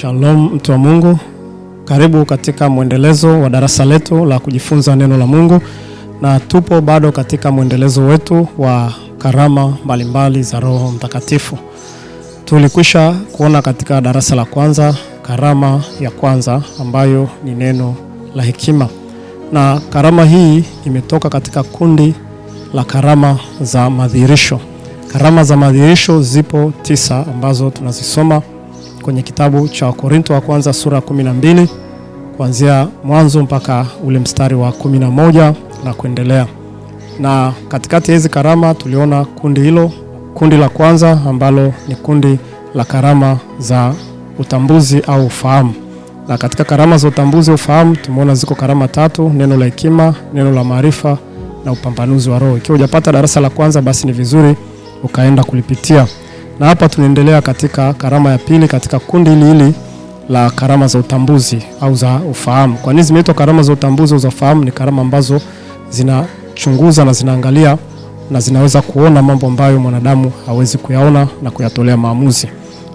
Shalom mtu wa Mungu, karibu katika mwendelezo wa darasa letu la kujifunza neno la Mungu, na tupo bado katika mwendelezo wetu wa karama mbalimbali za Roho Mtakatifu. Tulikwisha kuona katika darasa la kwanza karama ya kwanza ambayo ni neno la hekima, na karama hii imetoka katika kundi la karama za madhihirisho. Karama za madhihirisho zipo tisa ambazo tunazisoma kwenye kitabu cha Wakorintho wa kwanza sura 12 kuanzia mwanzo mpaka ule mstari wa 11 na kuendelea. Na katikati ya hizi karama tuliona kundi hilo, kundi la kwanza ambalo ni kundi la karama za utambuzi au ufahamu. Na katika karama za utambuzi au ufahamu tumeona ziko karama tatu: neno la hekima, neno la maarifa na upambanuzi wa Roho. Ikiwa hujapata darasa la kwanza, basi ni vizuri ukaenda kulipitia na hapa tunaendelea katika karama ya pili katika kundi hili hili la karama za utambuzi au za ufahamu. Kwa nini zimeitwa karama za utambuzi au za ufahamu? Ni karama ambazo zinachunguza na zinaangalia na zinaweza kuona mambo ambayo mwanadamu hawezi kuyaona na kuyatolea maamuzi.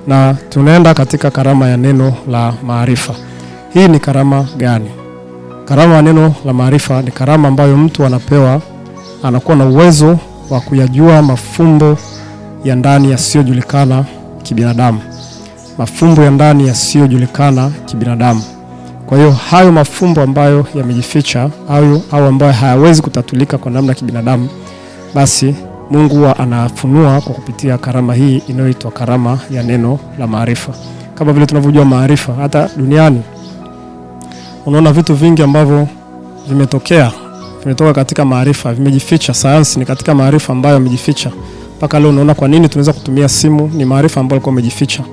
Na tunaenda katika karama ya neno la maarifa. Hii ni karama gani? Karama ya neno la maarifa ni karama ambayo mtu anapewa, anakuwa na uwezo wa kuyajua mafumbo ya ndani yasiyojulikana kibinadamu, mafumbo ya ndani yasiyojulikana kibinadamu. Kwa hiyo hayo mafumbo ambayo yamejificha au, au ambayo hayawezi kutatulika kwa namna ya kibinadamu, basi Mungu huwa anafunua kwa kupitia karama hii inayoitwa karama ya neno la maarifa. Kama vile tunavyojua maarifa, hata duniani unaona vitu vingi ambavyo vimetokea vimetoka katika maarifa, vimejificha. Sayansi ni katika maarifa ambayo yamejificha mpaka leo unaona kwa nini tunaweza kutumia simu. Ni maarifa ambayo alikuwa amejificha,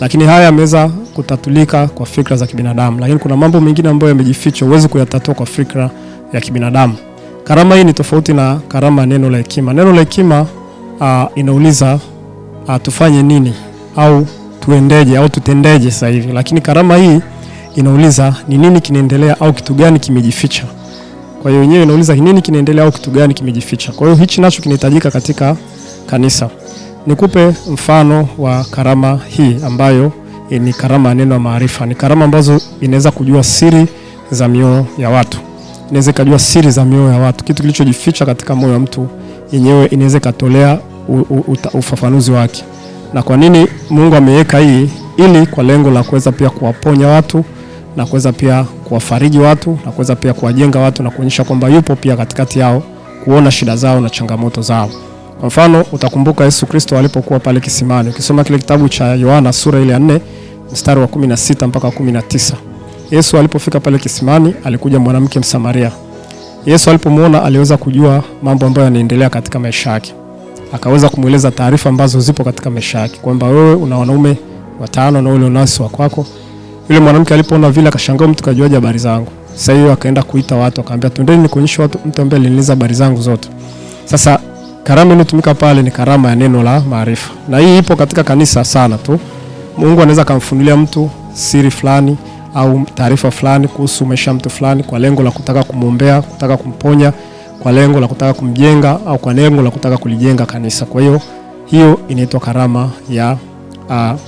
lakini haya yameweza kutatulika kwa fikra za kibinadamu, lakini kuna mambo mengine ambayo yamejificha, huwezi kuyatatua kwa fikra ya kibinadamu. Karama hii ni tofauti na karama ya neno la hekima. Neno la hekima uh, inauliza uh, tufanye nini au tuendeje au tutendeje sasa hivi, lakini karama hii inauliza ni nini kinaendelea au kitu gani kimejificha. Kwa hiyo yenyewe inauliza ni nini kinaendelea au kitu gani kimejificha. Kwa hiyo hichi nacho kinahitajika katika kanisa. Nikupe mfano wa karama hii ambayo eh, ni karama ya neno maarifa. Ni karama ambazo inaweza kujua siri za mioyo ya watu, inaweza ikajua siri za mioyo ya watu. Kitu kilichojificha katika moyo wa mtu yenyewe inaweza ikatolea ufafanuzi wake. Na kwa nini Mungu ameweka hii? Ili kwa lengo la kuweza pia kuwaponya watu na kuweza pia kuwafariji watu na kuweza pia kuwajenga watu na kuonyesha kwamba yupo pia katikati yao, kuona shida zao na changamoto zao. Kwa mfano utakumbuka Yesu Kristo alipokuwa pale kisimani, ukisoma kile kitabu cha Yohana sura ile ya 4 mstari wa 16 mpaka 19. Yesu alipofika pale kisimani alikuja mwanamke Msamaria. Yesu alipomwona aliweza kujua mambo ambayo yanaendelea katika maisha yake, akaweza kumweleza taarifa ambazo zipo katika maisha yake kwamba wewe una wanaume watano na ule unasi wa kwako. Yule mwanamke alipoona vile akashangaa, mtu kajuaje habari zangu? Sasa hiyo akaenda kuita watu, akaambia twendeni nikuonyeshe watu mtu ambaye aliniuliza habari zangu zote. Sasa Karama iliyotumika pale ni karama ya neno la maarifa, na hii ipo katika kanisa sana tu. Mungu anaweza kumfunulia mtu siri fulani au taarifa fulani kuhusu maisha mtu fulani kwa lengo la kutaka kumwombea, kutaka kumponya, kwa lengo la kutaka kumjenga au kwa lengo la kutaka kulijenga kanisa. Kwa hiyo hiyo inaitwa karama ya uh,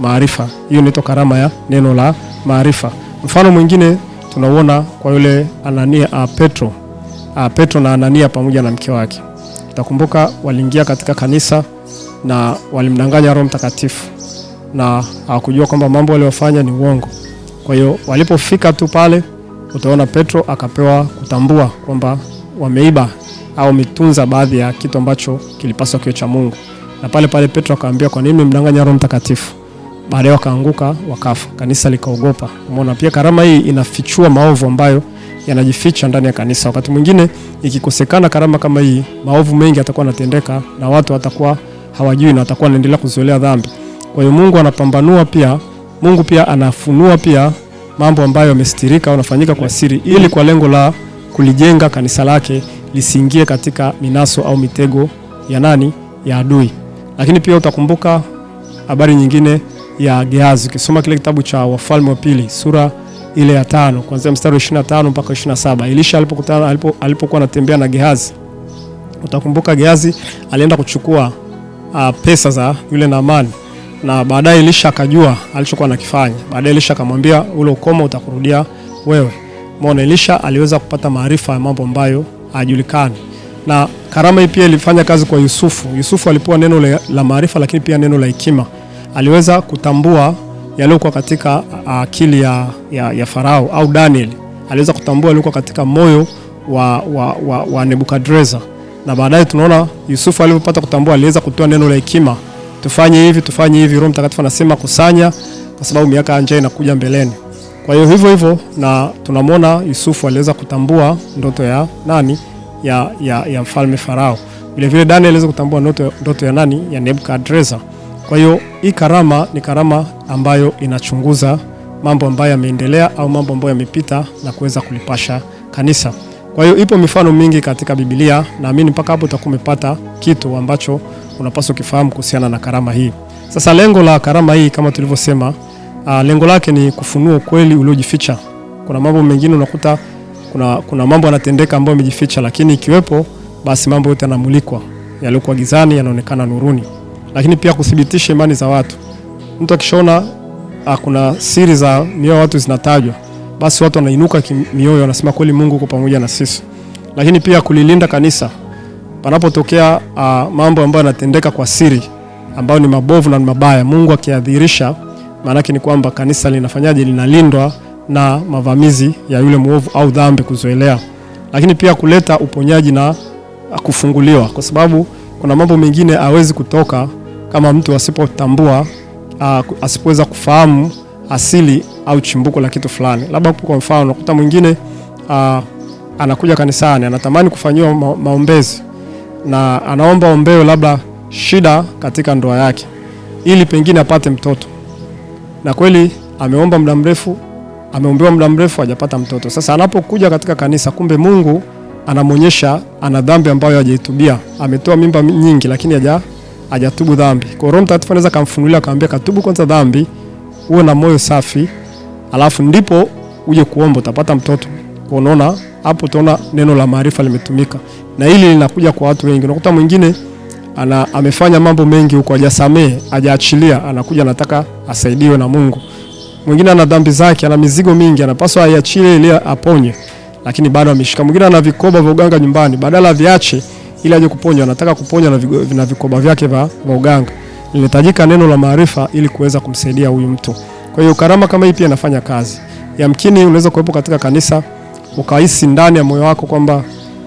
maarifa. Hiyo inaitwa karama ya neno la maarifa. Mfano mwingine tunauona kwa yule Anania, uh, Petro uh, Petro na Anania pamoja na mke wake Utakumbuka waliingia katika kanisa na walimdanganya Roho Mtakatifu na hawakujua kwamba mambo waliofanya ni uongo. Kwa hiyo walipofika tu pale, utaona Petro akapewa kutambua kwamba wameiba au mitunza baadhi ya kitu ambacho kilipaswa kiwe cha Mungu, na pale pale Petro akaambia, kwa nini mdanganya Roho Mtakatifu? Baadaye wakaanguka wakafa, kanisa likaogopa. Umeona, pia karama hii inafichua maovu ambayo yanajificha ndani ya kanisa. Wakati mwingine ikikosekana karama kama hii, maovu mengi atakuwa yanatendeka na watu watakuwa hawajui na watakuwa wanaendelea kuzoelea dhambi. Kwa hiyo Mungu anapambanua pia, Mungu pia anafunua pia mambo ambayo yamestirika, yanafanyika kwa siri, ili kwa lengo la kulijenga kanisa lake lisiingie katika minaso au mitego ya nani, ya adui. Lakini pia utakumbuka habari nyingine ya Gehazi. Ukisoma kile kitabu cha Wafalme wa Pili sura ile ya tano kuanzia mstari wa 25 mpaka 27. Elisha alipokutana alipokuwa alipo anatembea na Gehazi, utakumbuka Gehazi alienda kuchukua uh, pesa za yule Naamani na baadaye Elisha akajua alichokuwa anakifanya. Baadaye Elisha akamwambia ule ukoma utakurudia wewe. Umeona, Elisha aliweza kupata maarifa ya mambo ambayo hajulikani, na karama hii pia ilifanya kazi kwa Yusufu. Yusufu alipewa neno la maarifa, lakini pia neno la hekima. Aliweza kutambua yaliyokuwa katika ah, akili ya, ya, ya Farao au Daniel aliweza kutambua yaliyokuwa katika moyo wa, wa, wa, wa Nebukadreza, na baadaye tunaona Yusufu alipopata kutambua aliweza kutoa neno la hekima, tufanye hivi, tufanye hivi. Roho Mtakatifu anasema kusanya, kwa sababu miaka ya njaa inakuja mbeleni. Kwa hiyo hivyo hivyo, na tunamwona Yusufu aliweza kutambua ndoto ya nani ya, ya, ya mfalme Farao. Vilevile Daniel aliweza kutambua ndoto, ndoto ya nani ya Nebukadreza. Kwa hiyo hii karama ni karama ambayo inachunguza mambo ambayo yameendelea au mambo ambayo yamepita na kuweza kulipasha kanisa. Kwa hiyo ipo mifano mingi katika Biblia, naamini mpaka hapo utakuwa umepata kitu ambacho unapaswa kifahamu kuhusiana na karama hii. Sasa lengo la karama hii kama tulivyosema, uh, lengo lake ni kufunua ukweli uliojificha. Kuna mambo mengine unakuta kuna, kuna mambo yanatendeka ambayo yamejificha, lakini ikiwepo basi mambo yote yanamulikwa, yaliyokuwa gizani yanaonekana nuruni lakini pia kuthibitisha imani za watu. Mtu akishaona ah, kuna siri za mioyo watu zinatajwa, basi watu wanainuka mioyo, wanasema kweli Mungu uko pamoja na sisi. Lakini pia kulilinda kanisa panapotokea uh, mambo ambayo yanatendeka kwa siri ambayo ni mabovu na ni mabaya, Mungu akiadhirisha, maana ni kwamba kanisa linafanyaje? Linalindwa na mavamizi ya yule mwovu au dhambi kuzoelea. Lakini pia kuleta uponyaji na kufunguliwa, kwa sababu kuna mambo mengine hawezi kutoka kama mtu asipotambua, ah, asipoweza kufahamu asili au chimbuko la kitu fulani. Labda kwa mfano, unakuta mwingine a, ah, anakuja kanisani anatamani kufanyiwa ma maombezi na anaomba ombeo labda shida katika ndoa yake, ili pengine apate mtoto, na kweli ameomba muda mrefu, ameombewa muda mrefu hajapata mtoto. Sasa anapokuja katika kanisa, kumbe Mungu anamwonyesha ana dhambi ambayo hajaitubia, ametoa mimba nyingi lakini haja hajatubu dhambi. Kwa Roho Mtakatifu anaweza kumfunulia akamwambia katubu kwanza dhambi, uwe na moyo safi, alafu ndipo uje kuomba, utapata mtoto. Kwa unaona hapo, utaona neno la maarifa limetumika, na hili linakuja kwa watu wengi. Unakuta mwingine ana amefanya mambo mengi huko, hajasamehe, hajaachilia, anakuja anataka asaidiwe na Mungu. Mwingine ana dhambi zake, ana mizigo mingi, anapaswa aiachilie ili aponye, lakini bado ameshika. Mwingine ana vikoba vya uganga nyumbani, badala viache ili aje kuponywa, anataka kuponywa na, na vikoba vyake vya uganga, linahitajika neno la maarifa ili kuweza kumsaidia huyu mtu. Kwa hiyo karama kama hii pia inafanya kazi. Yamkini unaweza kuwepo katika kanisa ukahisi ndani ya moyo wako kwamba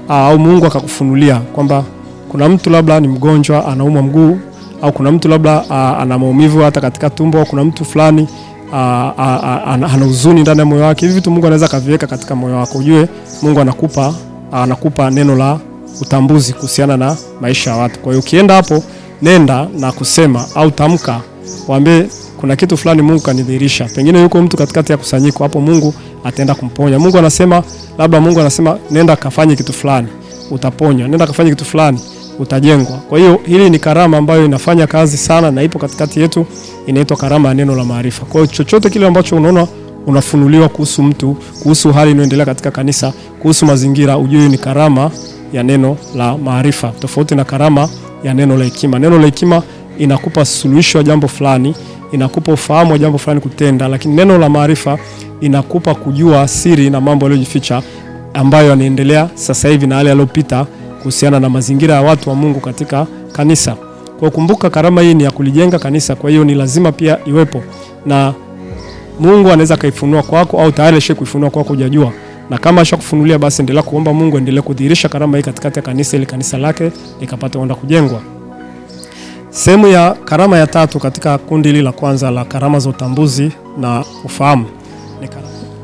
au Mungu akakufunulia kwamba kuna mtu labda ni mgonjwa anaumwa mguu au kuna mtu labda ana maumivu hata katika tumbo au kuna mtu fulani ana huzuni ndani ya moyo wake. Hivi vitu Mungu anaweza akaviweka katika moyo wako, ujue Mungu anakupa anakupa neno la utambuzi kuhusiana na maisha ya watu. Kwa hiyo ukienda hapo, nenda na kusema au tamka, waambie kuna kitu fulani Mungu kanidhihirisha. Pengine yuko mtu katikati ya kusanyiko hapo, Mungu ataenda kumponya. Mungu anasema labda, Mungu anasema nenda kafanye kitu fulani, utaponywa. Nenda kafanye kitu fulani, utajengwa. Kwa hiyo hili ni karama ambayo inafanya kazi sana na ipo katikati yetu, inaitwa karama ya neno la maarifa. Kwa hiyo chochote kile ambacho unaona unafunuliwa kuhusu mtu, kuhusu hali inayoendelea katika kanisa, kuhusu mazingira, ujue ni karama ya neno la maarifa, tofauti na karama ya neno la hekima. Neno la hekima inakupa suluhisho ya jambo fulani, inakupa ufahamu wa jambo fulani kutenda, lakini neno la maarifa inakupa kujua siri na mambo yaliyojificha ambayo yanaendelea sasa hivi na yale yaliyopita kuhusiana na mazingira ya watu wa Mungu katika kanisa. Kwa kumbuka, karama hii ni ya kulijenga kanisa, kwa hiyo ni lazima pia iwepo, na Mungu anaweza akaifunua kwako au tayari ashakuifunua kwako, hujajua na kama ashakufunulia basi endelea kuomba Mungu endelee kudhihirisha karama hii katikati ya kanisa ili kanisa lake likapate kwenda kujengwa. Sehemu ya karama ya tatu katika kundi hili la kwanza la karama za utambuzi na ufahamu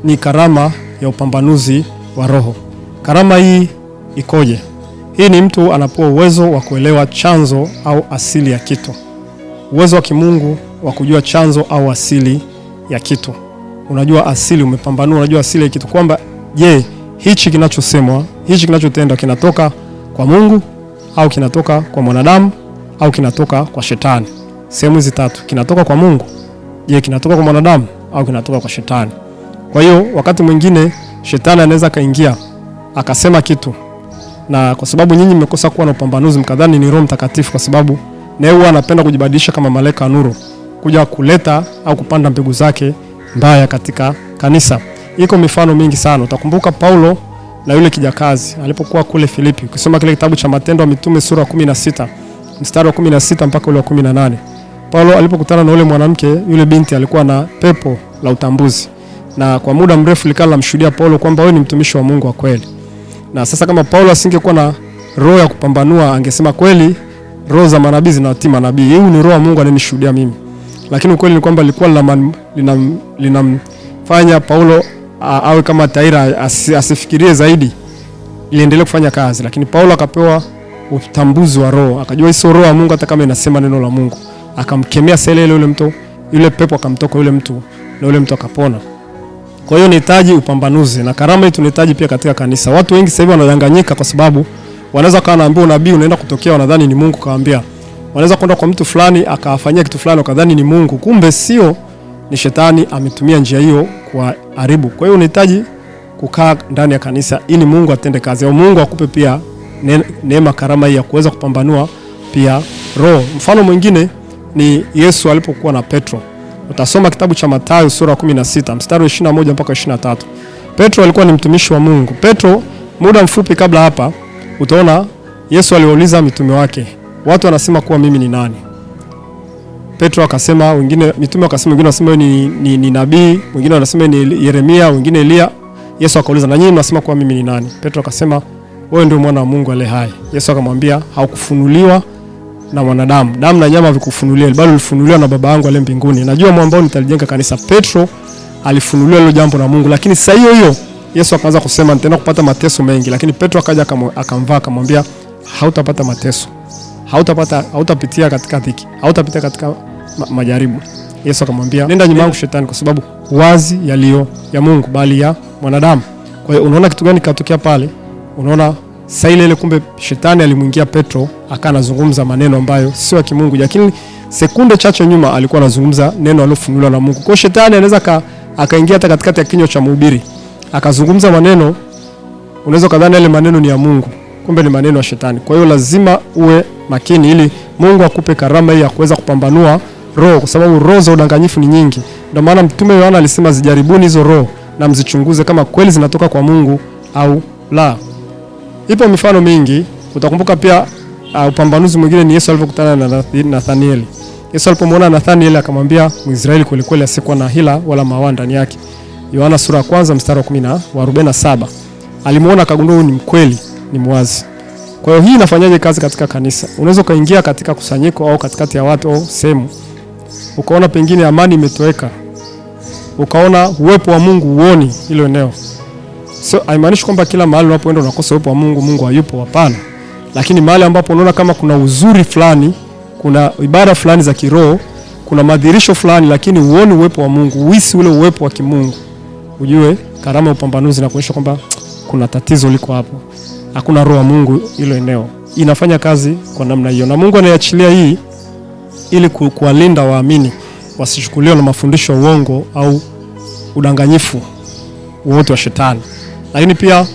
ni karama ya upambanuzi wa roho. Karama hii ikoje? Hii ni mtu anapewa uwezo wa kuelewa chanzo au asili ya kitu, uwezo wa kimungu wa kujua chanzo au asili ya kitu. Unajua asili, umepambanua, unajua asili ya kitu kwamba je, hichi kinachosemwa hichi kinachotenda kinatoka kwa Mungu au kinatoka kwa mwanadamu au kinatoka kwa shetani? Sehemu hizi tatu, kinatoka kwa Mungu, je, kinatoka kwa mwanadamu au kinatoka kwa shetani? Kwa hiyo wakati mwingine shetani anaweza kaingia akasema kitu, na kwa sababu nyinyi mmekosa kuwa na upambanuzi, mkadhani ni Roho Mtakatifu, kwa sababu naye huwa anapenda kujibadilisha kama malaika nuru, kuja kuleta au kupanda mbegu zake mbaya katika kanisa. Iko mifano mingi sana. Utakumbuka Paulo na yule kijakazi alipokuwa kule Filipi. Ukisoma kile kitabu cha Matendo ya Mitume sura ya 16 mstari wa 16 mpaka ule wa 18. Paulo alipokutana na ule mwanamke, yule binti alikuwa na pepo la utambuzi. Na kwa muda mrefu likala namshuhudia Paulo kwamba wewe ni mtumishi wa Mungu wa kweli. Na sasa kama Paulo asingekuwa na roho ya kupambanua angesema kweli roho za manabii zinawatii manabii. Hii ni roho ya Mungu anayenishuhudia mimi. Lakini ukweli ni kwamba lilikuwa linamfanya lina, lina, Paulo awe kama taira asifikirie zaidi iliendelea kufanya kazi, lakini Paulo akapewa utambuzi wa roho, akajua hiyo roho ya Mungu hata kama inasema neno la Mungu, akamkemea sele ile yule mtu yule, pepo akamtoka yule mtu na yule mtu akapona. Kwa hiyo nihitaji upambanuzi na karama hii tunahitaji pia katika kanisa. Watu wengi sasa hivi wanadanganyika kwa sababu wanaweza kawa naambia unabii unaenda kutokea, wanadhani ni Mungu kawaambia. Wanaweza kwenda kwa mtu fulani akafanyia kitu fulani, wakadhani ni Mungu, kumbe sio ni shetani ametumia njia hiyo kuharibu. Kwa hiyo unahitaji kukaa ndani ya kanisa ili Mungu atende kazi, au Mungu akupe pia neema, karama ya kuweza kupambanua pia roho. Mfano mwingine ni Yesu alipokuwa na Petro. Utasoma kitabu cha Mathayo sura 16 mstari wa 21 mpaka 23. Petro alikuwa ni mtumishi wa Mungu. Petro muda mfupi kabla hapa, utaona Yesu aliwauliza mitume wake, watu wanasema kuwa mimi ni nani? Petro akasema, wengine mitume wakasema, wengine wanasema ni, ni, ni nabii, wengine wanasema ni Yeremia, wengine Elia. Yesu akauliza, na nyinyi mnasema kuwa mimi ni nani? Petro akasema, wewe ndio mwana wa Mungu aliye hai. Yesu akamwambia, haukufunuliwa na mwanadamu, damu na nyama vikufunulia, bali ulifunuliwa na Baba yangu aliye mbinguni. Najua mwambao nitalijenga kanisa. Petro alifunuliwa hilo jambo na Mungu, lakini saa hiyo hiyo Yesu akaanza kusema, nitaenda kupata mateso mengi, lakini Petro akaja akamvaa akamwambia, hautapata mateso hautapata hautapitia katika dhiki, hautapita katika ma majaribu. Yesu akamwambia nenda nyuma yangu Shetani, kwa sababu wazi yaliyo ya Mungu bali ya mwanadamu. Kwa hiyo unaona kitu gani katokea pale? Unaona saa ile ile, kumbe shetani alimwingia Petro, akawa anazungumza maneno ambayo sio ya kimungu, lakini sekunde chache nyuma alikuwa anazungumza neno alilofunuliwa na Mungu. Kwa hiyo shetani anaweza akaingia hata katikati ya kinywa cha mhubiri akazungumza maneno, unaweza kadhani yale maneno ni ya Mungu kumbe ni maneno ya shetani. Kwa hiyo lazima uwe makini ili Mungu akupe karama hii ya kuweza kupambanua roho, kwa sababu roho za udanganyifu ni nyingi. Ndio maana Mtume Yohana alisema zijaribuni hizo roho na mzichunguze kama kweli zinatoka kwa Mungu au la. Ipo mifano mingi, utakumbuka pia uh, upambanuzi mwingine ni Yesu alipokutana na Nathanieli. Yesu alipomwona Nathanieli akamwambia Mwisraeli kweli kweli asiyekuwa na hila wala mawaa ndani yake. Yohana sura ya kwanza mstari wa 10 wa 47. Alimuona akagundua ni mkweli ni mwazi. Kwa hiyo hii inafanyaje kazi katika kanisa? Unaweza ukaingia katika kusanyiko au katikati ya watu au sehemu, ukaona pengine amani imetoweka, ukaona uwepo wa Mungu uoni hilo eneo. So haimaanishi kwamba kila mahali unapoenda unakosa uwepo wa Mungu, Mungu hayupo, hapana. Lakini mahali ambapo unaona kama kuna uzuri fulani, kuna ibada fulani za kiroho, kuna madhirisho fulani, lakini uoni uwepo wa Mungu, uisi ule uwepo wa kimungu, ujue karama ya upambanuzi na kuonyesha kwamba kuna tatizo liko hapo hakuna roho ya Mungu ilo eneo. Inafanya kazi kwa namna hiyo, na Mungu anaiachilia hii ili kuwalinda waamini wasichukuliwe na mafundisho ya uongo au udanganyifu wote wa Shetani, lakini pia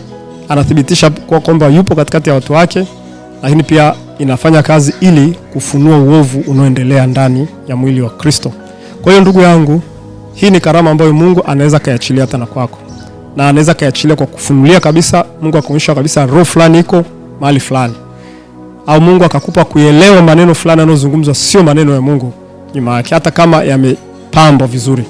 anathibitisha kwa kwamba yupo katikati ya watu wake, lakini pia inafanya kazi ili kufunua uovu unaoendelea ndani ya mwili wa Kristo. Kwa hiyo ndugu yangu, hii ni karama ambayo Mungu anaweza kaiachilia tena kwako na anaweza kaachilia kwa kufunulia kabisa, Mungu akaonyesha kabisa roho fulani iko mahali fulani, au Mungu akakupa kuelewa maneno fulani yanayozungumzwa sio maneno ya Mungu nyuma yake, hata kama yamepambwa vizuri.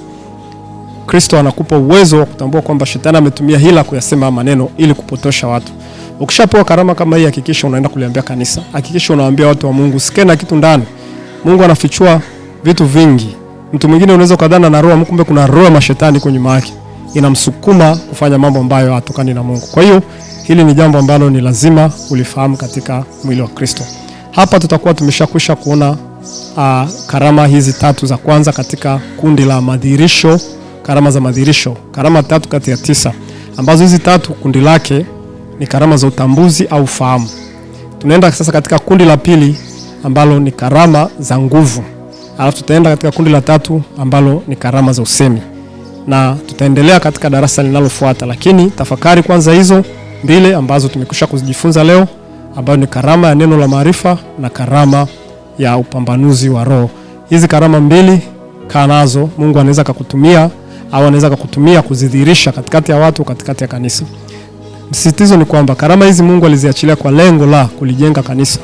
Kristo anakupa uwezo wa kutambua kwamba shetani ametumia hila kuyasema maneno ili kupotosha watu. Ukishapewa karama kama hii, hakikisha unaenda kuliambia kanisa, hakikisha unawaambia watu wa Mungu, sikae na kitu ndani. Mungu anafichua vitu vingi. Mtu mwingine unaweza ukadhana na roho, kumbe kuna roho ya mashetani kwa nyuma yake inamsukuma kufanya mambo ambayo hatokani na Mungu. Kwa hiyo hili ni jambo ambalo ni lazima ulifahamu katika mwili wa Kristo. Hapa tutakuwa tumeshakwisha kuona uh, karama hizi tatu za kwanza katika kundi la madhihirisho, karama za madhihirisho, karama tatu kati ya tisa, ambazo hizi tatu kundi lake ni karama za utambuzi au fahamu. Tunaenda sasa katika kundi la pili ambalo ni karama za nguvu, alafu tutaenda katika kundi la tatu ambalo ni karama za usemi na tutaendelea katika darasa linalofuata, lakini tafakari kwanza hizo mbili ambazo tumekusha kujifunza leo, ambayo ni karama ya neno la maarifa na karama ya upambanuzi wa roho. Hizi karama mbili kaa nazo, Mungu anaweza kukutumia au anaweza kukutumia kuzidhirisha katikati ya watu, katikati ya kanisa. Msisitizo ni kwamba karama hizi Mungu aliziachilia kwa lengo la kulijenga kanisa,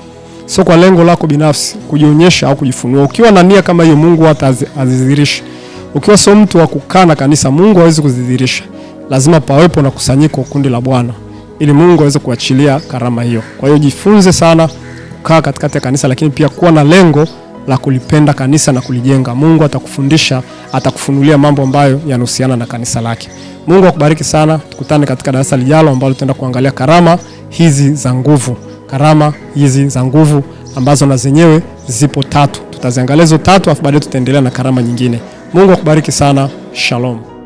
sio kwa lengo lako binafsi kujionyesha au kujifunua. Ukiwa na nia kama hiyo, Mungu hata azidhirishi az- az- ukiwa sio mtu wa kukaa na kanisa, Mungu hawezi kuzidhirisha Lazima pawepo na kusanyiko, kundi la Bwana, ili Mungu aweze kuachilia karama hiyo. Kwa hiyo jifunze sana kukaa katikati ya kanisa, lakini pia kuwa na lengo la kulipenda kanisa na kulijenga. Mungu atakufundisha, atakufunulia mambo ambayo yanahusiana na kanisa lake. Mungu akubariki sana. Tukutane katika darasa lijalo ambalo tutaenda kuangalia karama hizi za nguvu. Karama hizi za nguvu ambazo na zenyewe zipo tatu. Tutaziangalia hizo tatu, afu baadaye tutaendelea na karama nyingine. Mungu akubariki sana. Shalom.